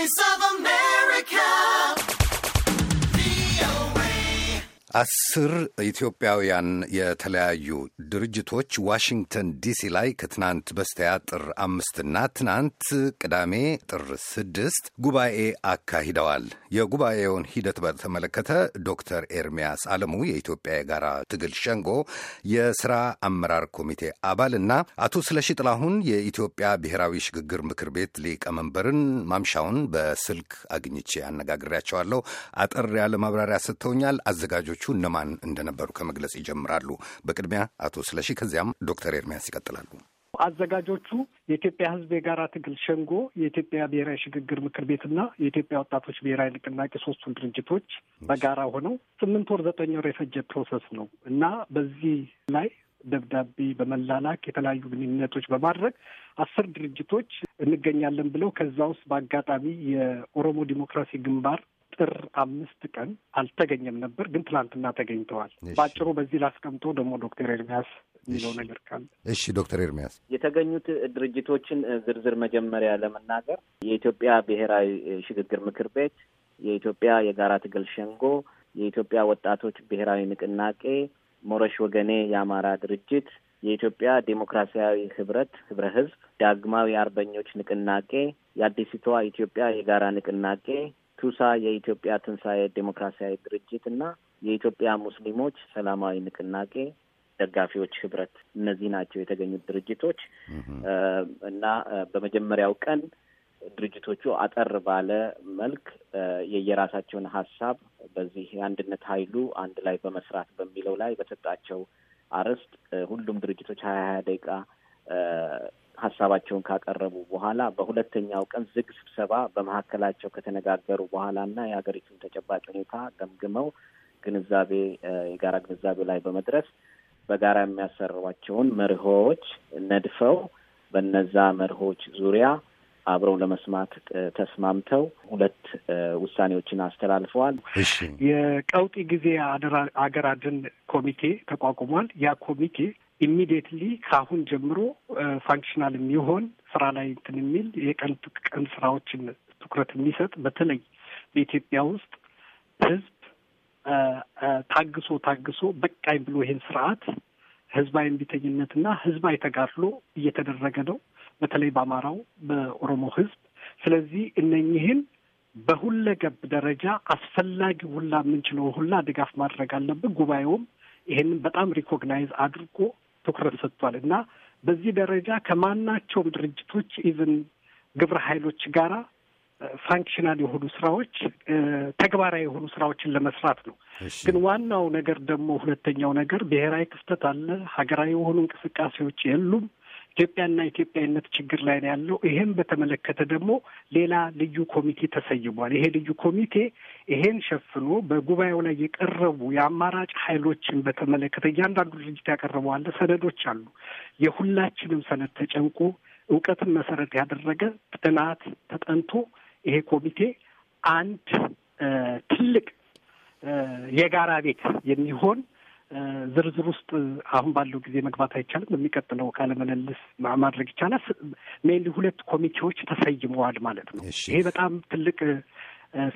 Voice of man. አስር ኢትዮጵያውያን የተለያዩ ድርጅቶች ዋሽንግተን ዲሲ ላይ ከትናንት በስቲያ ጥር አምስትና ትናንት ቅዳሜ ጥር ስድስት ጉባኤ አካሂደዋል። የጉባኤውን ሂደት በተመለከተ ዶክተር ኤርሚያስ አለሙ የኢትዮጵያ የጋራ ትግል ሸንጎ የስራ አመራር ኮሚቴ አባልና አቶ ስለሺ ጥላሁን የኢትዮጵያ ብሔራዊ ሽግግር ምክር ቤት ሊቀመንበርን ማምሻውን በስልክ አግኝቼ አነጋግሬያቸዋለሁ። አጠር ያለ ማብራሪያ ሰጥተውኛል። አዘጋጆች ያደረገችው እነማን እንደነበሩ ከመግለጽ ይጀምራሉ። በቅድሚያ አቶ ስለሺ፣ ከዚያም ዶክተር ኤርሚያስ ይቀጥላሉ። አዘጋጆቹ የኢትዮጵያ ሕዝብ የጋራ ትግል ሸንጎ፣ የኢትዮጵያ ብሔራዊ ሽግግር ምክር ቤትና የኢትዮጵያ ወጣቶች ብሔራዊ ንቅናቄ ሶስቱን ድርጅቶች በጋራ ሆነው ስምንት ወር ዘጠኝ ወር የፈጀ ፕሮሰስ ነው እና በዚህ ላይ ደብዳቤ በመላላክ የተለያዩ ግንኙነቶች በማድረግ አስር ድርጅቶች እንገኛለን ብለው ከዛ ውስጥ በአጋጣሚ የኦሮሞ ዲሞክራሲ ግንባር ጥር አምስት ቀን አልተገኘም ነበር፣ ግን ትላንትና ተገኝተዋል። በአጭሩ በዚህ ላስቀምጦ ደግሞ ዶክተር ኤርሚያስ የሚለው ነገር ካለ። እሺ ዶክተር ኤርሚያስ የተገኙት ድርጅቶችን ዝርዝር መጀመሪያ ለመናገር የኢትዮጵያ ብሔራዊ ሽግግር ምክር ቤት፣ የኢትዮጵያ የጋራ ትግል ሸንጎ፣ የኢትዮጵያ ወጣቶች ብሔራዊ ንቅናቄ፣ ሞረሽ ወገኔ የአማራ ድርጅት፣ የኢትዮጵያ ዴሞክራሲያዊ ህብረት ህብረ ህዝብ፣ ዳግማዊ አርበኞች ንቅናቄ፣ የአዲሲቷ ኢትዮጵያ የጋራ ንቅናቄ ቱሳ የኢትዮጵያ ትንሣኤ ዴሞክራሲያዊ ድርጅት እና የኢትዮጵያ ሙስሊሞች ሰላማዊ ንቅናቄ ደጋፊዎች ህብረት እነዚህ ናቸው የተገኙት ድርጅቶች እና በመጀመሪያው ቀን ድርጅቶቹ አጠር ባለ መልክ የየራሳቸውን ሀሳብ በዚህ የአንድነት ኃይሉ አንድ ላይ በመስራት በሚለው ላይ በሰጣቸው አርዕስት ሁሉም ድርጅቶች ሀያ ሀያ ደቂቃ ሀሳባቸውን ካቀረቡ በኋላ በሁለተኛው ቀን ዝግ ስብሰባ በመካከላቸው ከተነጋገሩ በኋላ እና የሀገሪቱን ተጨባጭ ሁኔታ ገምግመው ግንዛቤ የጋራ ግንዛቤ ላይ በመድረስ በጋራ የሚያሰሯቸውን መርሆዎች ነድፈው በነዛ መርሆች ዙሪያ አብረው ለመስማት ተስማምተው ሁለት ውሳኔዎችን አስተላልፈዋል። የቀውጢ ጊዜ አገር አድን ኮሚቴ ተቋቁሟል። ያ ኮሚቴ ኢሚዲየትሊ ከአሁን ጀምሮ ፋንክሽናል የሚሆን ስራ ላይ እንትን የሚል የቀን ቀን ስራዎችን ትኩረት የሚሰጥ በተለይ በኢትዮጵያ ውስጥ ህዝብ ታግሶ ታግሶ በቃኝ ብሎ ይህን ስርዓት ህዝባዊ እምቢተኝነትና ህዝባዊ ተጋድሎ እየተደረገ ነው፣ በተለይ በአማራው በኦሮሞ ህዝብ። ስለዚህ እነኝህን በሁለገብ ደረጃ አስፈላጊ ሁላ የምንችለው ሁላ ድጋፍ ማድረግ አለብን። ጉባኤውም ይሄንን በጣም ሪኮግናይዝ አድርጎ ትኩረት ሰጥቷል እና በዚህ ደረጃ ከማናቸውም ድርጅቶች ኢቭን ግብረ ኃይሎች ጋራ ፋንክሽናል የሆኑ ስራዎች ተግባራዊ የሆኑ ስራዎችን ለመስራት ነው። ግን ዋናው ነገር ደግሞ ሁለተኛው ነገር ብሔራዊ ክፍተት አለ፣ ሀገራዊ የሆኑ እንቅስቃሴዎች የሉም። ኢትዮጵያና ኢትዮጵያዊነት ችግር ላይ ነው ያለው። ይሄን በተመለከተ ደግሞ ሌላ ልዩ ኮሚቴ ተሰይሟል። ይሄ ልዩ ኮሚቴ ይሄን ሸፍኖ በጉባኤው ላይ የቀረቡ የአማራጭ ኃይሎችን በተመለከተ እያንዳንዱ ድርጅት ያቀረበዋለ ሰነዶች አሉ። የሁላችንም ሰነድ ተጨምቆ እውቀትን መሰረት ያደረገ ጥናት ተጠንቶ ይሄ ኮሚቴ አንድ ትልቅ የጋራ ቤት የሚሆን ዝርዝር ውስጥ አሁን ባለው ጊዜ መግባት አይቻልም። በሚቀጥለው ቃለ ምልልስ ማድረግ ይቻላል። ሜንሊ ሁለት ኮሚቴዎች ተሰይመዋል ማለት ነው። ይሄ በጣም ትልቅ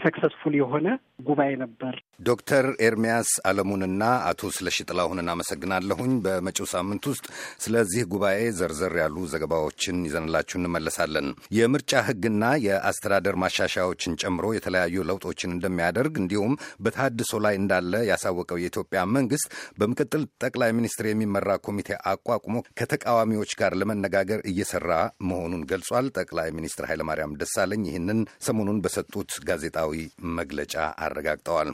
ሰክሰስፉል የሆነ ጉባኤ ነበር። ዶክተር ኤርሚያስ አለሙንና አቶ ስለሺ ጥላሁን እናመሰግናለሁኝ። በመጪው ሳምንት ውስጥ ስለዚህ ጉባኤ ዘርዘር ያሉ ዘገባዎችን ይዘንላችሁ እንመለሳለን። የምርጫ ሕግና የአስተዳደር ማሻሻያዎችን ጨምሮ የተለያዩ ለውጦችን እንደሚያደርግ እንዲሁም በተሃድሶ ላይ እንዳለ ያሳወቀው የኢትዮጵያ መንግስት በምክትል ጠቅላይ ሚኒስትር የሚመራ ኮሚቴ አቋቁሞ ከተቃዋሚዎች ጋር ለመነጋገር እየሰራ መሆኑን ገልጿል። ጠቅላይ ሚኒስትር ኃይለማርያም ደሳለኝ ይህንን ሰሞኑን በሰጡት ጋዜ ጋዜጣዊ መግለጫ አረጋግጠዋል።